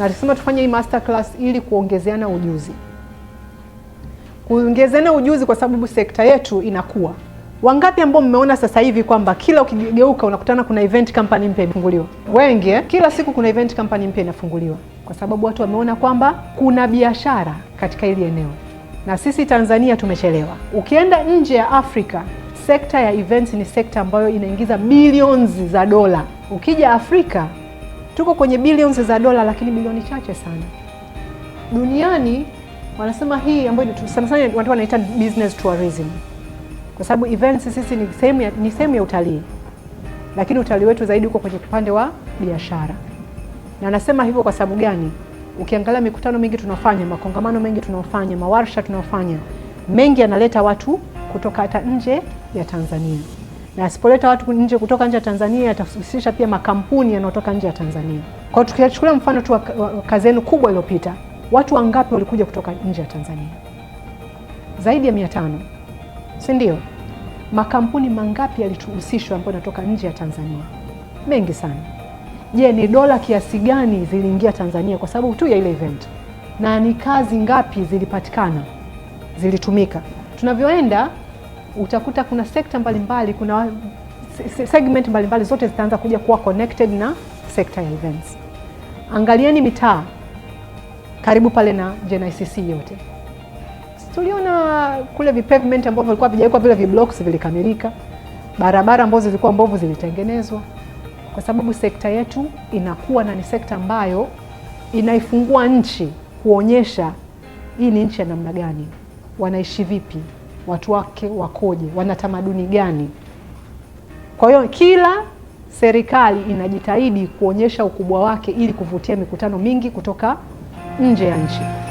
na alisema tufanye hii masterclass ili kuongezeana ujuzi, kuongezeana ujuzi kwa sababu sekta yetu inakuwa. Wangapi ambao mmeona sasa hivi kwamba kila ukigeuka unakutana kuna event company mpya imefunguliwa? Wengi eh? kila siku kuna event company mpya inafunguliwa, kwa sababu watu wameona kwamba kuna biashara katika hili eneo, na sisi Tanzania tumechelewa. Ukienda nje ya Afrika, sekta ya events ni sekta ambayo inaingiza bilioni za dola. Ukija Afrika tuko kwenye bilioni za dola, lakini bilioni chache sana duniani. Wanasema hii ambayo sana sana watu wanaita business tourism, kwa sababu events sisi ni sehemu ya, ni sehemu ya utalii, lakini utalii wetu zaidi uko kwenye upande wa biashara. Na nasema hivyo kwa sababu gani? Ukiangalia mikutano mingi tunafanya, makongamano mengi tunaofanya, mawarsha tunaofanya, mengi yanaleta watu kutoka hata nje ya Tanzania na asipoleta watu nje kutoka nje ya Tanzania atahusisha pia makampuni yanayotoka nje ya Tanzania. Kwa hiyo tukichukulia mfano tu kazi yenu kubwa iliyopita, watu wangapi walikuja kutoka nje ya Tanzania? Zaidi ya mia tano, si ndio? Makampuni mangapi yalituhusishwa ambayo yanatoka nje ya Tanzania? Mengi sana. Je, ni dola kiasi gani ziliingia Tanzania kwa sababu tu ya ile event, na ni kazi ngapi zilipatikana, zilitumika? Tunavyoenda utakuta kuna sekta mbalimbali, kuna segment mbalimbali, zote zitaanza kuja kuwa connected na sekta ya events. Angalieni mitaa karibu pale na JNICC yote tuliona kule vipavement ambavyo vilikuwa havijawekwa vile viblocks vilikamilika, barabara ambazo zilikuwa mbovu zilitengenezwa, kwa sababu sekta yetu inakuwa na ni sekta ambayo inaifungua nchi kuonyesha hii ni nchi ya namna gani, wanaishi vipi watu wake wakoje, wana tamaduni gani. Kwa hiyo kila serikali inajitahidi kuonyesha ukubwa wake ili kuvutia mikutano mingi kutoka nje ya nchi.